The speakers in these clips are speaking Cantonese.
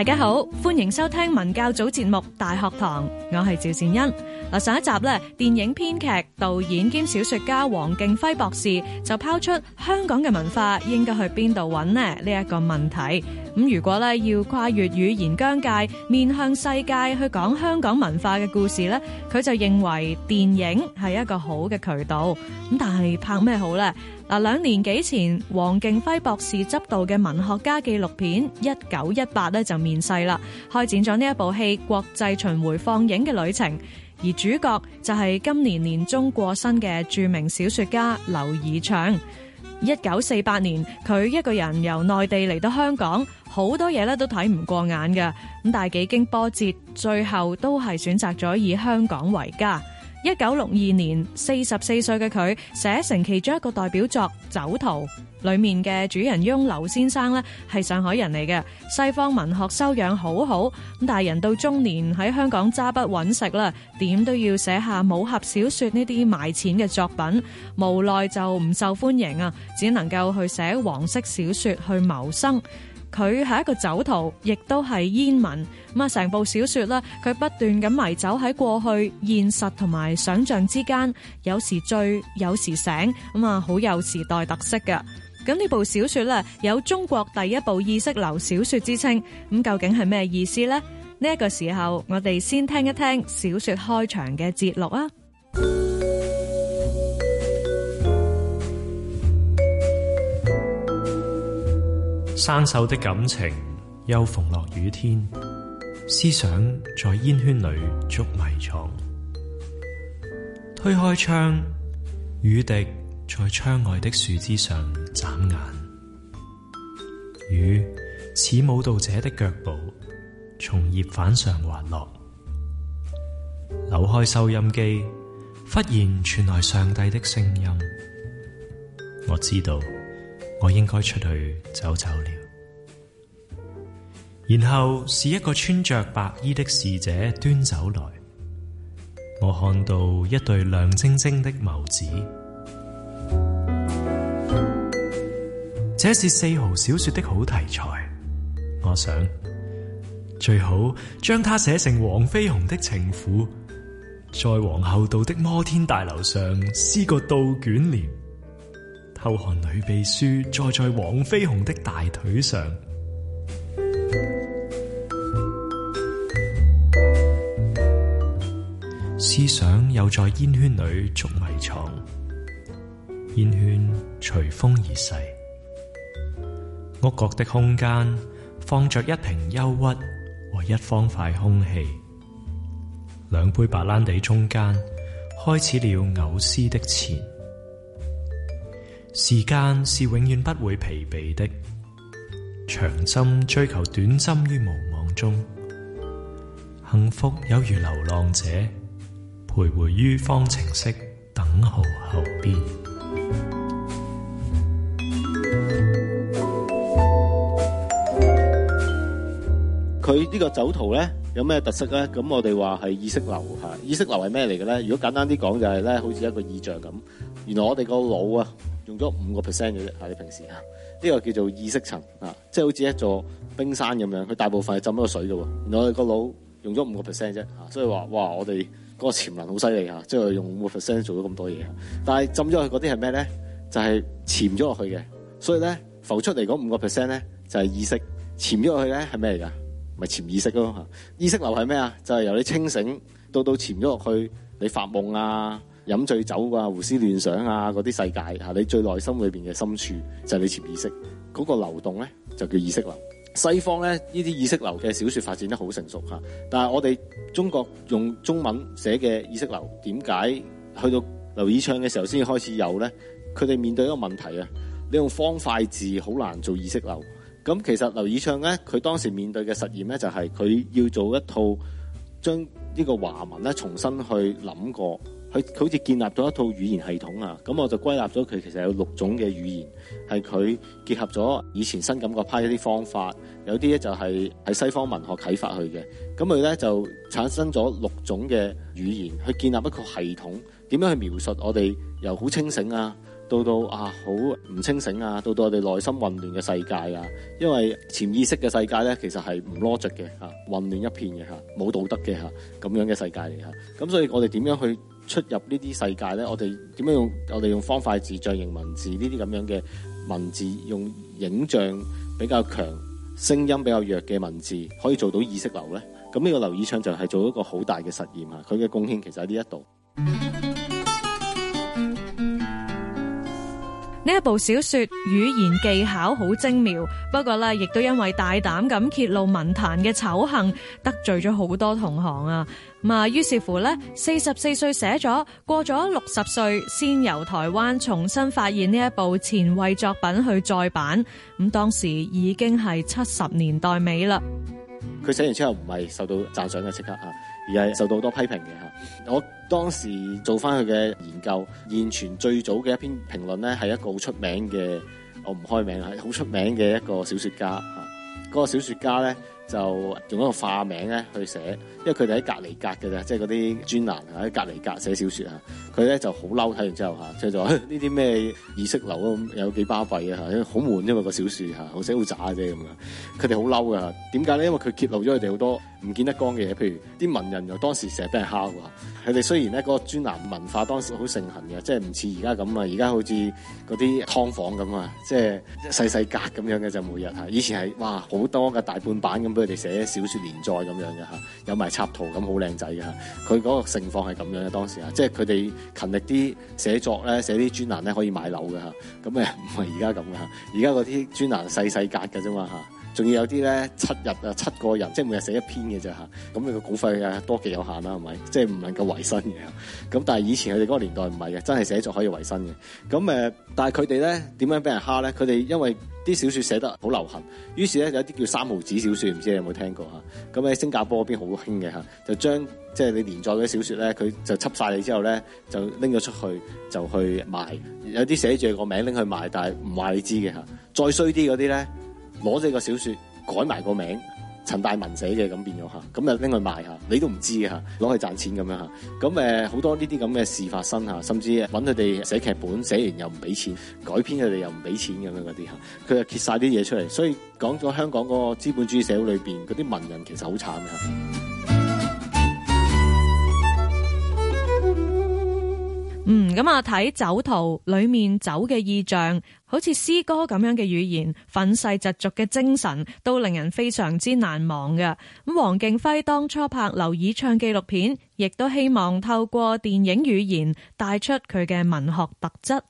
大家好，歡迎收聽文教組節目《大學堂》，我係趙善恩。嗱，上一集咧，電影編劇、導演兼小説家黃敬輝博士就拋出香港嘅文化應該去邊度揾呢？呢一個問題。咁如果咧要跨越語言疆界，面向世界去講香港文化嘅故事呢，佢就認為電影係一個好嘅渠道。咁但係拍咩好呢？嗱，兩年幾前，黃敬輝博士執導嘅文學家紀錄片《一九一八》呢就面世啦，開展咗呢一部戲國際巡迴放映嘅旅程。而主角就係今年年中過身嘅著名小說家劉以鬯。一九四八年，佢一個人由內地嚟到香港，好多嘢咧都睇唔過眼嘅。咁但係幾經波折，最後都係選擇咗以香港為家。一九六二年，四十四歲嘅佢寫成其中一個代表作《酒徒》，裏面嘅主人翁劉先生呢，係上海人嚟嘅，西方文學修養好好，咁但人到中年喺香港揸筆揾食啦，點都要寫下武俠小說呢啲賣錢嘅作品，無奈就唔受歡迎啊，只能夠去寫黃色小說去謀生。佢係一個酒徒，亦都係煙民。咁啊，成部小說呢，佢不斷咁迷走喺過去、現實同埋想象之間，有時醉，有時醒。咁啊，好有時代特色嘅。咁呢部小說呢，有中國第一部意識流小說之稱。咁究竟係咩意思呢？呢、這、一個時候，我哋先聽一聽小說開場嘅節錄啊！生鏽的感情，又逢落雨天，思想在煙圈裏捉迷藏。推開窗，雨滴在窗外的樹枝上眨眼。雨似舞蹈者的腳步，從葉瓣上滑落。扭開收音機，忽然傳來上帝的聲音。我知道。我應該出去走走了，然後是一個穿着白衣的侍者端走來，我看到一對亮晶晶的眸子，這是四毫小說的好題材，我想最好將它寫成黃飛鴻的情婦，在皇后道的摩天大樓上施個倒捲簾。後漢女秘書，坐在黃飛鴻的大腿上，思想又在煙圈裏捉迷藏。煙圈隨風而逝，屋角的空間放着一瓶憂鬱和一方塊空氣，兩杯白蘭地中間，開始了藕絲的纏。時間是永遠不會疲憊的，長針追求短針於無望中，幸福有如流浪者，徘徊於方程式等號後邊。佢呢個酒徒咧有咩特色咧？咁我哋話係意識流吓，意識流係咩嚟嘅咧？如果簡單啲講，就係咧好似一個意象咁。原來我哋個腦啊～用咗五個 percent 嘅啫，吓你平時吓，呢、這個叫做意識層，啊，即、就、係、是、好似一座冰山咁樣，佢大部分係浸咗個水嘅喎。原來我哋個腦用咗五個 percent 啫，吓、啊，所以話哇，我哋嗰個潛能好犀利吓，即、啊、係、就是、用五個 percent 做咗咁多嘢、啊。但係浸咗去嗰啲係咩咧？就係、是、潛咗落去嘅。所以咧，浮出嚟嗰五個 percent 咧，就係、是、意識；潛咗落去咧，係咩嚟噶？咪潛意識咯、啊。意識流係咩啊？就係、是、由你清醒到到潛咗落去，你發夢啊。飲醉酒啊，胡思亂想啊，嗰啲世界嚇，你最內心裏邊嘅深處就係你潛意識嗰個流動咧，就叫意識流。西方咧，呢啲意識流嘅小説發展得好成熟嚇，但係我哋中國用中文寫嘅意識流點解去到劉以鬯嘅時候先開始有咧？佢哋面對一個問題啊，你用方塊字好難做意識流。咁其實劉以鬯咧，佢當時面對嘅實驗咧，就係佢要做一套將呢個華文咧重新去諗過。佢好似建立咗一套語言系統啊，咁我就歸納咗佢其實有六種嘅語言，係佢結合咗以前新感覺派一啲方法，有啲咧就係喺西方文學啟發佢嘅，咁佢咧就產生咗六種嘅語言，去建立一個系統，點樣去描述我哋由好清醒啊，到到啊好唔清醒啊，到到我哋內心混亂嘅世界啊，因為潛意識嘅世界咧其實係唔 logic 嘅嚇混亂一片嘅嚇冇道德嘅嚇咁樣嘅世界嚟嚇，咁所以我哋點樣去？出入呢啲世界咧，我哋點樣用我哋用方塊字、象形文字呢啲咁樣嘅文字，用影像比較強、聲音比較弱嘅文字，可以做到意識流咧？咁呢個劉以鬯就係做一個好大嘅實驗啊！佢嘅貢獻其實喺呢一度。呢一部小說語言技巧好精妙，不過咧亦都因為大膽咁揭露文壇嘅醜行，得罪咗好多同行啊。咁啊，於是乎咧，四十四歲寫咗,過咗六十歲先由台灣重新發現呢一部前衛作品去再版。咁當時已經係七十年代尾啦。佢寫完之後唔係受到讚賞嘅，即刻啊！而係受到好多批評嘅嚇，我當時做翻佢嘅研究，現存最早嘅一篇評論咧，係一個好出名嘅，我唔開名啦，好出名嘅一個小説家嚇，嗰個小説家咧。就用一個化名咧去寫，因為佢哋喺隔離隔嘅啫，即係嗰啲專欄喺隔離隔寫小説啊。佢咧就好嬲，睇完之後吓，即係話呢啲咩意識流咁，有幾巴閉啊嚇，好悶啫嘛個小説嚇，好死好渣啫咁啊。佢哋好嬲噶，點解咧？因為佢揭露咗佢哋好多唔見得光嘅嘢，譬如啲文人又當時成日俾人敲㗎。佢哋雖然咧，嗰個專欄文化當時好盛行嘅，即係唔似而家咁啊。而家好似嗰啲劏房咁啊，即係細細格咁樣嘅就每日嚇。以前係哇好多嘅大半版咁。佢哋寫小説連載咁樣嘅嚇，有埋插圖咁好靚仔嘅嚇。佢嗰個情況係咁樣嘅當時嚇，即係佢哋勤力啲寫作咧，寫啲專欄咧可以買樓嘅嚇。咁誒唔係而家咁嘅嚇，而家嗰啲專欄細細格嘅啫嘛嚇。仲要有啲咧七日啊七個人，即係每日寫一篇嘅啫嚇。咁你個稿費啊多極有限啦，係咪？即係唔能夠維生嘅。咁但係以前佢哋嗰個年代唔係嘅，真係寫作可以維生嘅。咁誒，但係佢哋咧點樣俾人蝦咧？佢哋因為啲小説寫得好流行，於是咧有啲叫三毫子小説，唔知你有冇聽過嚇？咁喺新加坡嗰邊好興嘅嚇，就將即係你連載嗰啲小説咧，佢就輯晒你之後咧，就拎咗出去就去賣。有啲寫住個名拎去賣，但係唔話你知嘅嚇。再衰啲嗰啲咧。攞咗個小說改埋個名，陳大文寫嘅咁變咗嚇，咁啊拎去賣嚇，你都唔知嚇，攞去賺錢咁樣嚇，咁誒好多呢啲咁嘅事發生嚇，甚至揾佢哋寫劇本，寫完又唔俾錢，改編佢哋又唔俾錢咁樣嗰啲嚇，佢就揭晒啲嘢出嚟，所以講咗香港嗰個資本主義社會裏邊嗰啲文人其實好慘嘅。嗯，咁啊，睇酒徒裏面酒嘅意象，好似詩歌咁樣嘅語言，憤世嫉俗嘅精神，都令人非常之難忘嘅。咁黃勁輝當初拍劉以鬯紀錄片，亦都希望透過電影語言帶出佢嘅文學特質。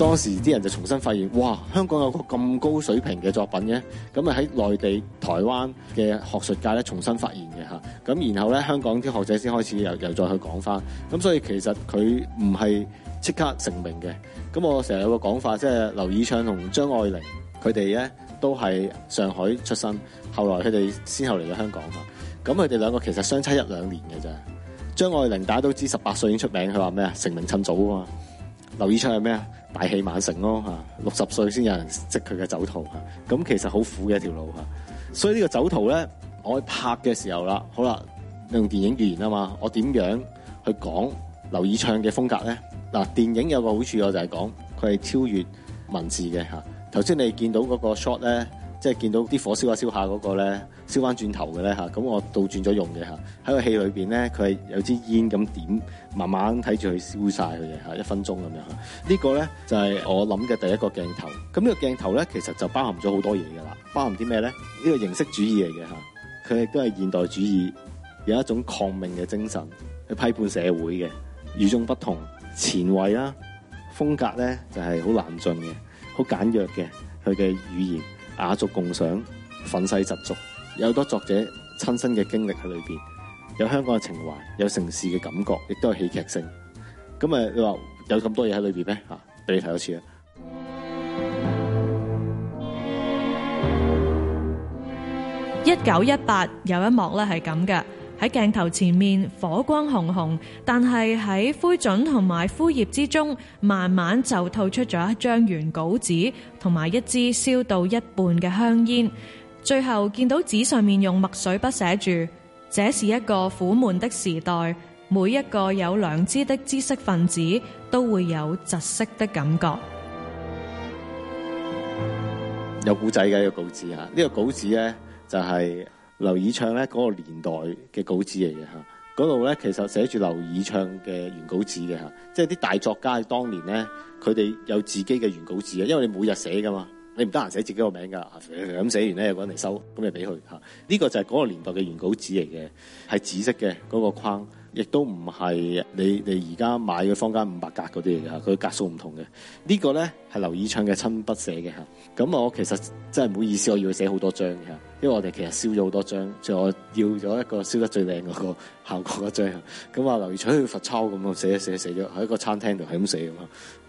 當時啲人就重新發現，哇！香港有個咁高水平嘅作品嘅，咁啊喺內地、台灣嘅學術界咧重新發現嘅嚇，咁然後咧香港啲學者先開始又又再去講返，咁所以其實佢唔係即刻成名嘅。咁我成日有個講法，即係劉以鬯同張愛玲佢哋咧都係上海出身，後來佢哋先後嚟咗香港嚇，咁佢哋兩個其實相差一兩年嘅咋。張愛玲大家都知，十八歲已經出名，佢話咩啊？成名趁早啊嘛。劉以鬯係咩啊？大器晚成咯嚇，六十歲先有人識佢嘅酒徒嚇，咁其實好苦嘅一條路嚇。所以呢個酒徒咧，我拍嘅時候啦，好啦，你用電影語言啊嘛，我點樣去講劉以鬯嘅風格咧？嗱，電影有個好處就是說，我就係講佢係超越文字嘅嚇。頭先你見到嗰個 shot 咧。即係見到啲火燒，一燒一下燒下嗰個咧，燒翻轉頭嘅咧嚇，咁我倒轉咗用嘅嚇。喺個戲裏邊咧，佢係有支煙咁點，慢慢睇住佢燒晒佢嘅嚇一分鐘咁樣嚇。這個、呢個咧就係、是、我諗嘅第一個鏡頭。咁呢個鏡頭咧，其實就包含咗好多嘢㗎啦。包含啲咩咧？呢個形式主義嚟嘅嚇，佢亦都係現代主義，有一種抗命嘅精神去批判社會嘅，與眾不同，前衛啦，風格咧就係好難進嘅，好簡約嘅佢嘅語言。雅俗共賞，憤世疾俗，有好多作者親身嘅經歷喺裏邊，有香港嘅情懷，有城市嘅感覺，亦都有戲劇性。咁啊，你話有咁多嘢喺裏邊咩？吓，俾你睇多次啦。一九一八有一幕咧係咁嘅。喺鏡頭前面火光紅紅，但係喺灰燼同埋枯葉之中，慢慢就透出咗一張原稿紙同埋一支燒到一半嘅香煙。最後見到紙上面用墨水筆寫住：這是一個苦悶的時代，每一個有良知的知識分子都會有窒息的感覺。有古仔嘅一個稿子啊，呢、這個稿子咧就係、是。劉以鬯咧嗰、那個年代嘅稿紙嚟嘅吓，嗰度咧其實寫住劉以鬯嘅原稿紙嘅吓，即係啲大作家當年咧，佢哋有自己嘅原稿紙嘅，因為你每日寫噶嘛，你唔得閒寫自己個名噶，咁、啊、寫、啊啊、完咧有個人嚟收，咁就俾佢吓。呢、啊這個就係嗰個年代嘅原稿紙嚟嘅，係紫色嘅嗰、那個框，亦都唔係你你而家買嘅坊間五百格嗰啲嚟噶，佢格數唔同嘅。這個、呢個咧係劉以鬯嘅親筆寫嘅吓，咁、啊、我其實真係唔好意思，我要佢寫好多張嘅。因為我哋其實燒咗好多張，就我要咗一個燒得最靚嗰個效果嗰張。咁啊，劉以鬯去罰抄咁啊，寫寫寫咗喺個餐廳度係咁寫啊嘛，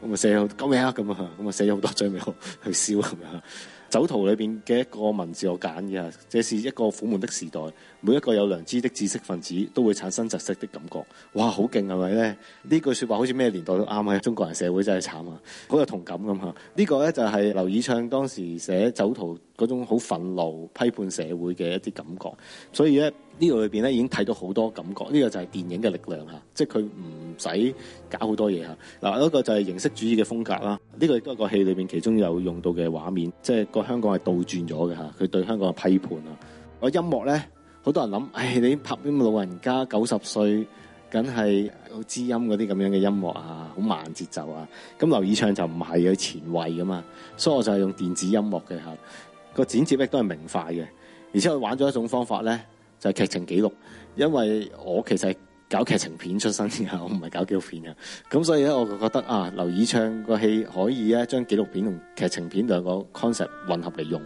咁啊寫咗，救命啊咁啊，咁啊寫咗好多張畀我去燒咁啊。《酒徒》裏面嘅一個文字我揀嘅，這是一個苦悶的時代，每一個有良知的知識分子都會產生窒息的感覺。哇，好勁係咪咧？是不是呢？這句説話好似咩年代都啱嘅，中國人社會真係慘啊，好有同感。這個呢個就係劉以鬯當時寫酒徒嗰種好憤怒批判社會嘅一啲感覺，所以呢。呢度裏邊咧已經睇到好多感覺，呢、這個就係電影嘅力量嚇，即係佢唔使搞好多嘢嚇。嗱，一個就係形式主義嘅風格啦。呢、這個亦都係個戲裏邊其中有用到嘅畫面，即係個香港係倒轉咗嘅嚇，佢對香港嘅批判啊。個音樂咧，好多人諗，誒、哎、你拍啲老人家九十歲，梗係好知音嗰啲咁樣嘅音樂啊，好慢節奏啊。咁劉以鬯就唔係有前衛噶嘛，所以我就係用電子音樂嘅嚇。個剪接亦都係明快嘅，而且我玩咗一種方法咧。就係、是、劇情記錄，因為我其實係搞劇情片出身嘅，我唔係搞紀錄片嘅，咁所以咧我覺得啊，劉以鬯個戲可以咧將紀錄片同劇情片兩個 concept 混合嚟用，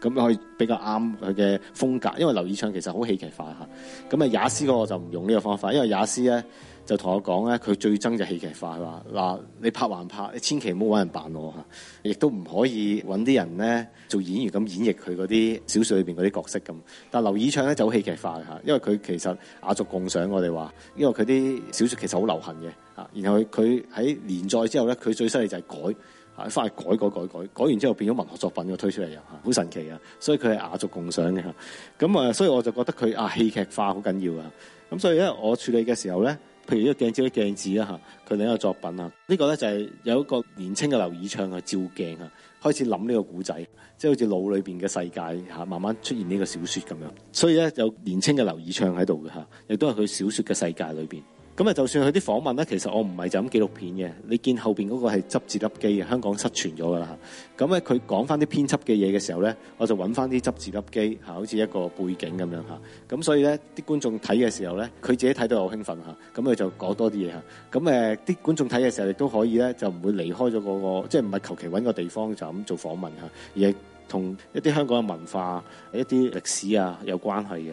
咁可以比較啱佢嘅風格，因為劉以鬯其實好戲劇化嚇，咁啊也斯個我就唔用呢個方法，因為也斯咧。就同我講咧，佢最憎就戲劇化，係話嗱，你拍還拍，你千祈唔好揾人扮我嚇，亦都唔可以揾啲人咧做演員咁演繹佢嗰啲小説裏邊嗰啲角色咁。但係劉以鬯咧就好戲劇化嘅嚇，因為佢其實雅俗共賞。我哋話因為佢啲小説其實好流行嘅嚇，然後佢喺連載之後咧，佢最犀利就係改嚇，翻去改改改改改完之後變咗文學作品，又推出嚟㗎嚇，好神奇啊！所以佢係雅俗共賞嘅嚇，咁啊，所以我就覺得佢啊戲劇化好緊要啊。咁所以咧，我處理嘅時候咧。譬如呢個鏡子嘅鏡子他佢另一個作品啊，呢、這個就係有一個年輕嘅劉以鬯去照鏡啊，開始諗呢個故仔，即係好似腦裏面嘅世界，慢慢出現呢個小説咁樣。所以呢，有年輕嘅劉以鬯喺度嘅也亦都係佢小説嘅世界裏面。咁啊，就算佢啲訪問咧，其實我唔係就咁紀錄片嘅。你見後面嗰個係執字粒機嘅，香港失傳咗㗎啦。咁咧佢講翻啲編輯嘅嘢嘅時候咧，我就揾翻啲執字粒機嚇，好似一個背景咁樣嚇。咁所以咧，啲觀眾睇嘅時候咧，佢自己睇到好興奮嚇。咁佢就講多啲嘢嚇。咁誒，啲觀眾睇嘅時候亦都可以咧、那個，就唔會離開咗嗰個，即係唔係求其揾個地方就咁做訪問嚇，而係同一啲香港嘅文化、一啲歷史啊有關係嘅。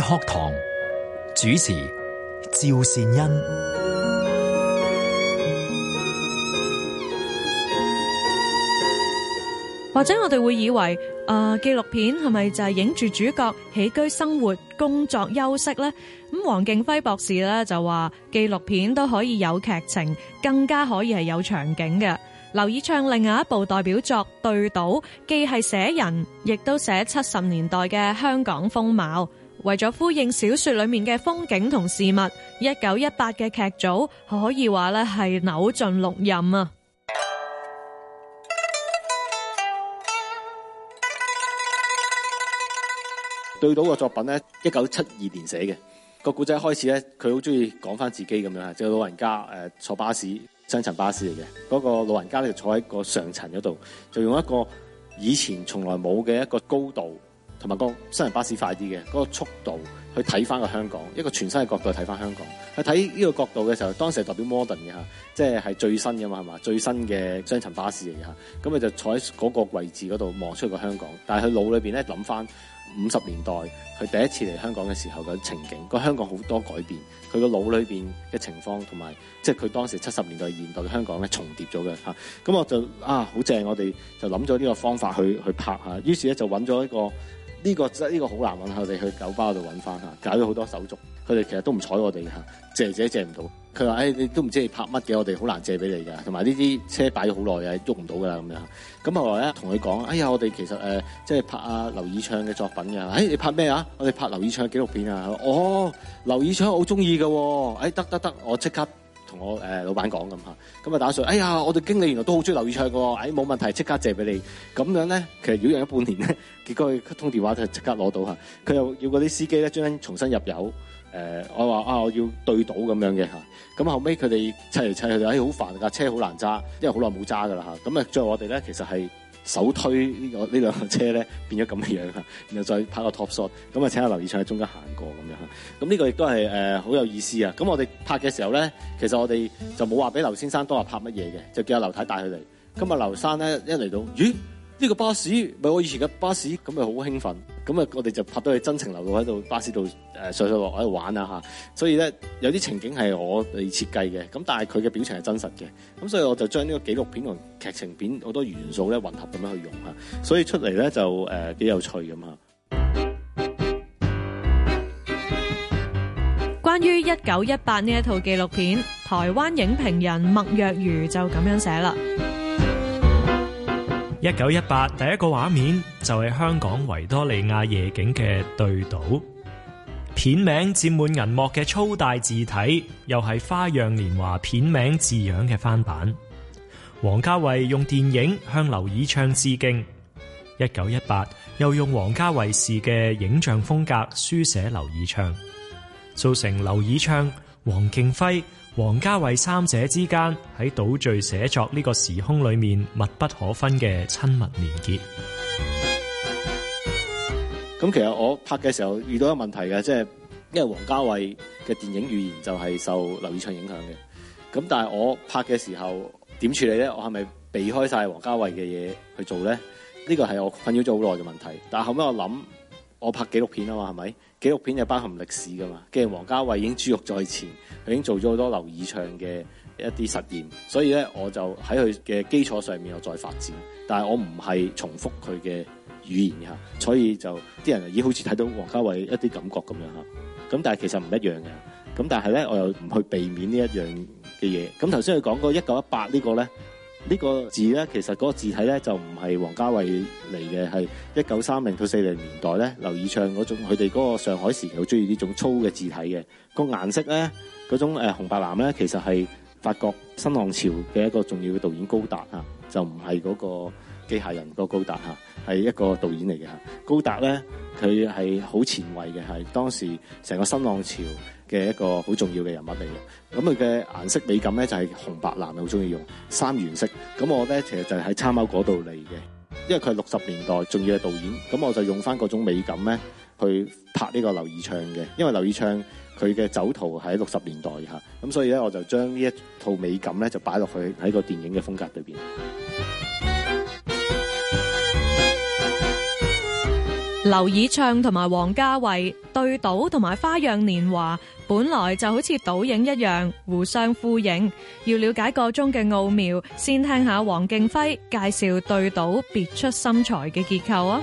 學堂主持趙善恩，或者我哋會以為誒，呃、紀錄片係咪就係影住主角起居生活、工作、休息呢？咁黃勁輝博士咧就話，紀錄片都可以有劇情，更加可以係有場景嘅。劉以鬯另外一部代表作《對倒》，既係寫人，亦都寫七十年代嘅香港風貌。為咗呼應小說裏面嘅風景同事物，一九一八嘅劇組可以話咧係扭盡六壬啊！對倒個作品咧，一九七二年寫嘅個故仔開始咧，佢好中意講返自己咁樣啊，即係老人家誒坐巴士，雙層巴士嚟嘅，嗰、那個老人家咧坐喺個上層嗰度，就用一個以前從來冇嘅一個高度。同埋個雙層巴士快啲嘅嗰個速度，去睇翻個香港，一個全新嘅角度去睇翻香港。去睇呢個角度嘅時候，當時係代表 modern 嘅嚇，即係係最新嘅嘛係嘛，最新嘅雙層巴士嚟嘅嚇。咁佢就坐喺嗰個位置嗰度望出去個香港。但係佢腦裏面咧諗翻五十年代佢第一次嚟香港嘅時候嘅情景。個香港好多改變，佢個腦裏面嘅情況同埋，即係佢當時七十年代現代嘅香港咧重疊咗嘅嚇。咁我就啊，好正，我哋就諗咗呢個方法去去拍下。於是咧就揾咗一個。呢、這個真呢個好難揾，我哋去九巴度揾翻嚇，搞咗好多手續，佢哋其實都唔睬我哋吓，借借借唔到。佢話：，誒、哎、你都唔知你拍乜嘅，我哋好難借俾你噶。同埋呢啲車擺咗好耐啊，喐唔到噶啦咁樣。咁後來咧，同佢講：，哎呀，我哋其實誒、呃，即係拍阿劉以鬯嘅作品㗎。誒、哎、你拍咩啊？我哋拍劉以鬯嘅紀錄片啊。哦，劉以鬯好中意嘅喎。誒，得得得，我即刻。我誒老闆講咁嚇，咁啊打算，哎呀，我哋經理原來都好中意劉以鬯嘅喎，哎冇問題，即刻借俾你，咁樣咧其實擾攘咗半年咧，結果佢通電話就即刻攞到嚇，佢又要嗰啲司機咧將重新入油，誒、呃、我話啊我要對賭咁樣嘅嚇，咁後尾，佢哋砌嚟砌去，哎好煩架車好難揸，因為好耐冇揸嘅啦嚇，咁啊最後我哋咧其實係。手推、這個、兩個車呢個呢兩架車咧變咗咁嘅樣，然後再拍個 top shot，咁啊請阿劉以鬯喺中間行過咁樣嚇，咁呢個亦都係誒好有意思啊！咁我哋拍嘅時候咧，其實我哋就冇話俾劉先生都話拍乜嘢嘅，就叫阿劉太帶佢嚟。今日劉生咧一嚟到，咦？呢、這個巴士唔係我以前嘅巴士，咁咪好興奮，咁啊我哋就拍到佢真情流露喺度，巴士度誒上上、呃、落喺度玩啊吓，所以咧有啲情景係我哋設計嘅，咁但係佢嘅表情係真實嘅，咁所以我就將呢個紀錄片同劇情片好多元素咧混合咁樣去用吓，所以出嚟咧就誒幾、呃、有趣咁啊！關於一九一八呢一套紀錄片，台灣影評人麥若愚就咁樣寫啦。一九一八第一個畫面就係香港維多利亞夜景嘅《對倒》，片名佔滿銀幕嘅粗大字體，又係《花樣年華》片名字樣嘅翻版。王家衛用電影向劉以鬯致敬，一九一八又用王家衛式嘅影像風格書寫劉以鬯，造成劉以鬯、黃勁輝。王家衛三者之間喺島嶼寫作呢個時空裏面密不可分嘅親密連結。咁其實我拍嘅時候遇到一個問題嘅，即係因為王家衛嘅電影語言就係受劉以鬯影響嘅。咁但係我拍嘅時候點處理咧？我係咪避開晒王家衛嘅嘢，去做咧？呢個係我困擾咗好耐嘅問題。但係後尾我諗，我拍紀錄片啊嘛，係咪？紀錄片就包含歷史噶嘛，既然王家衞已經豬肉在前，佢已經做咗好多劉以鬯嘅一啲實驗，所以咧我就喺佢嘅基礎上面又再發展，但係我唔係重複佢嘅語言嚇，所以就啲人咦好似睇到王家衞一啲感覺咁樣嚇，咁但係其實唔一樣嘅，咁但係咧我又唔去避免呢一樣嘅嘢，咁頭先佢講過一九一八呢個咧。呢、這個字咧，其實嗰個字體咧就唔係王家衛嚟嘅，係一九三零到四零年代咧，劉以鬯嗰種佢哋嗰個上海時期，好中意呢種粗嘅字體嘅。個顏色咧，嗰種誒、呃、紅白藍咧，其實係法國新浪潮嘅一個重要嘅導演高達嚇，就唔係嗰個機械人個高達嚇，係一個導演嚟嘅嚇。高達咧，佢係好前衞嘅，係當時成個新浪潮。嘅一個好重要嘅人物嚟嘅，咁佢嘅顏色美感咧就係紅白藍，好中意用三原色。咁我咧其實就係喺參謀嗰度嚟嘅，因為佢係六十年代重要嘅導演，咁我就用翻嗰種美感咧去拍呢個劉以鬯嘅，因為劉以鬯佢嘅酒徒喺六十年代嚇，咁所以咧我就將呢一套美感咧就擺落去喺個電影嘅風格裏邊。劉以鬯同埋王家衛對倒，同埋《花樣年華》本來就好似倒影一樣，互相呼應。要了解個中嘅奧妙，先聽下黃敬輝介紹對倒別出心裁嘅結構啊！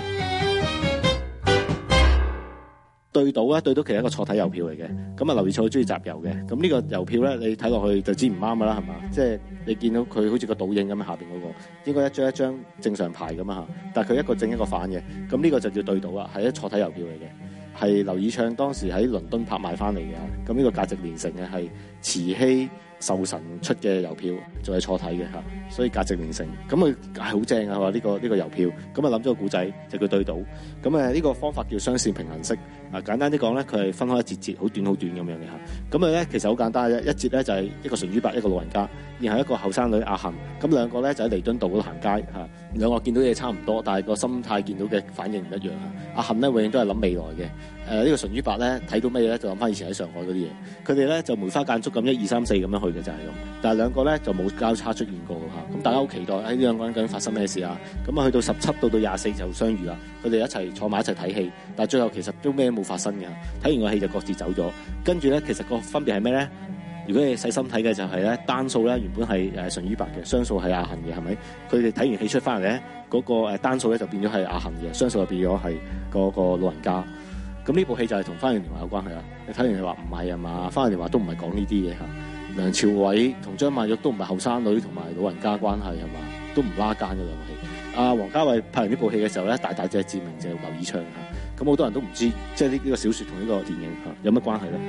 對倒咧，對倒其實一個錯體郵票嚟嘅，咁啊劉以鬯好中意集郵嘅，咁呢個郵票咧，你睇落去就知唔啱噶啦，係嘛？即係你見到佢好似個倒影咁樣下邊嗰個，應該一張一張正常牌咁啊嚇，但係佢一個正一個反嘅，咁呢個就叫對倒啊，係一錯體郵票嚟嘅，係劉以鬯當時喺倫敦拍賣翻嚟嘅，咁呢個價值連城嘅係慈禧。受神出嘅郵票，仲係錯體嘅嚇，所以價值連城，咁啊係好正嘅話，呢、這個呢、這個郵票，咁啊諗咗個故仔，就叫對倒。咁啊呢個方法叫雙線平衡式。啊，簡單啲講咧，佢係分開一節節，好短好短咁樣嘅嚇。咁啊咧，其實好簡單嘅，一節咧就係一個淳于白，一個老人家，然後一個後生女阿杏。咁兩個咧就喺彌敦道度行街嚇。兩、啊、個見到嘢差唔多，但係個心態見到嘅反應唔一樣嚇。阿杏咧永遠都係諗未來嘅。誒、呃這個、呢個淳于白咧，睇到咩嘢咧？就諗翻以前喺上海嗰啲嘢。佢哋咧就梅花間竹咁，一二三四咁樣去嘅就係、是、咁。但係兩個咧就冇交叉出現過嚇。咁、啊、大家好期待喺呢兩個人究竟發生咩事啊？咁、嗯、啊，嗯、去到十七到到廿四就相遇啦。佢哋一齊坐埋一齊睇戲，但係最後其實都咩冇發生嘅。睇完個戲就各自走咗。跟住咧，其實個分別係咩咧？如果你細心睇嘅就係咧單數咧原本係誒淳于白嘅，雙數係阿恒嘅係咪？佢哋睇完戲出翻嚟咧，嗰、那個誒單數咧就變咗係阿恒嘅，雙數就變咗係嗰個老人家。咁呢部戲就係同《花樣年華》有關係啦。你睇完你話唔係啊嘛，《花樣年華》都唔係講呢啲嘢吓。梁朝偉同張曼玉都唔係後生女，同埋老人家關係係嘛，都唔拉間嘅兩幕戲。阿王家衛拍完呢部戲嘅時候咧，大大隻、著名就係、是、劉以鬯吓。咁好多人都唔知，即係呢個小說同呢個電影吓有乜關係咧？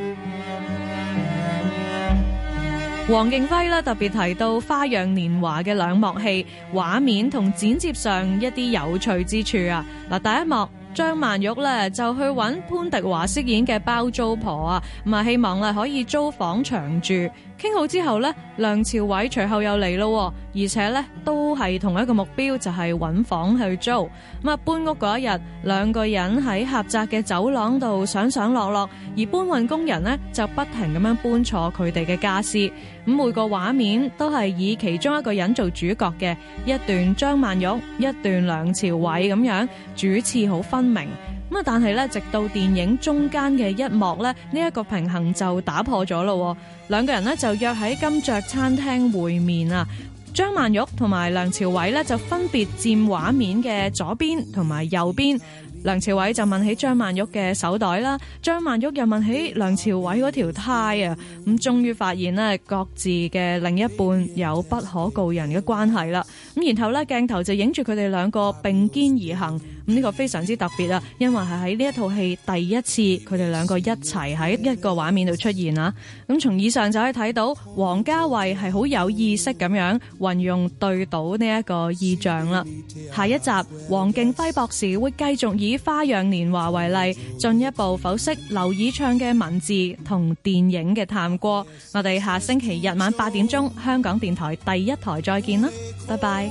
黃敬輝咧特別提到《花樣年華》嘅兩幕戲畫面同剪接上一啲有趣之處啊。嗱，第一幕。張曼玉咧就去揾潘迪華飾演嘅包租婆啊，咁啊希望啊可以租房長住。傾好之後咧，梁朝偉隨後又嚟咯，而且咧都係同一個目標，就係揾房去租。咁啊搬屋嗰一日，兩個人喺狹窄嘅走廊度上上落落，而搬運工人咧就不停咁樣搬錯佢哋嘅家私。咁每個畫面都係以其中一個人做主角嘅，一段張曼玉，一段梁朝偉咁樣主次好分。明咁啊！但係咧，直到電影中間嘅一幕咧，呢一個平衡就打破咗咯。兩個人咧就約喺金雀餐廳會面啊。張曼玉同埋梁朝偉咧就分別佔畫面嘅左邊同埋右邊。梁朝偉就問起張曼玉嘅手袋啦，張曼玉又問起梁朝偉嗰條呔。啊。咁終於發現咧，各自嘅另一半有不可告人嘅關係啦。咁然後咧，鏡頭就影住佢哋兩個並肩而行。咁、這、呢個非常之特別啊，因為係喺呢一套戲第一次佢哋兩個一齊喺一個畫面度出現啊！咁從以上就可以睇到，王家衛係好有意識咁樣運用對倒呢一個意象啦。下一集，黃敬輝博士會繼續以《花樣年華》為例，進一步剖析劉以鬯嘅文字同電影嘅探戈。我哋下星期日晚八點鐘，香港電台第一台再見啦，拜拜。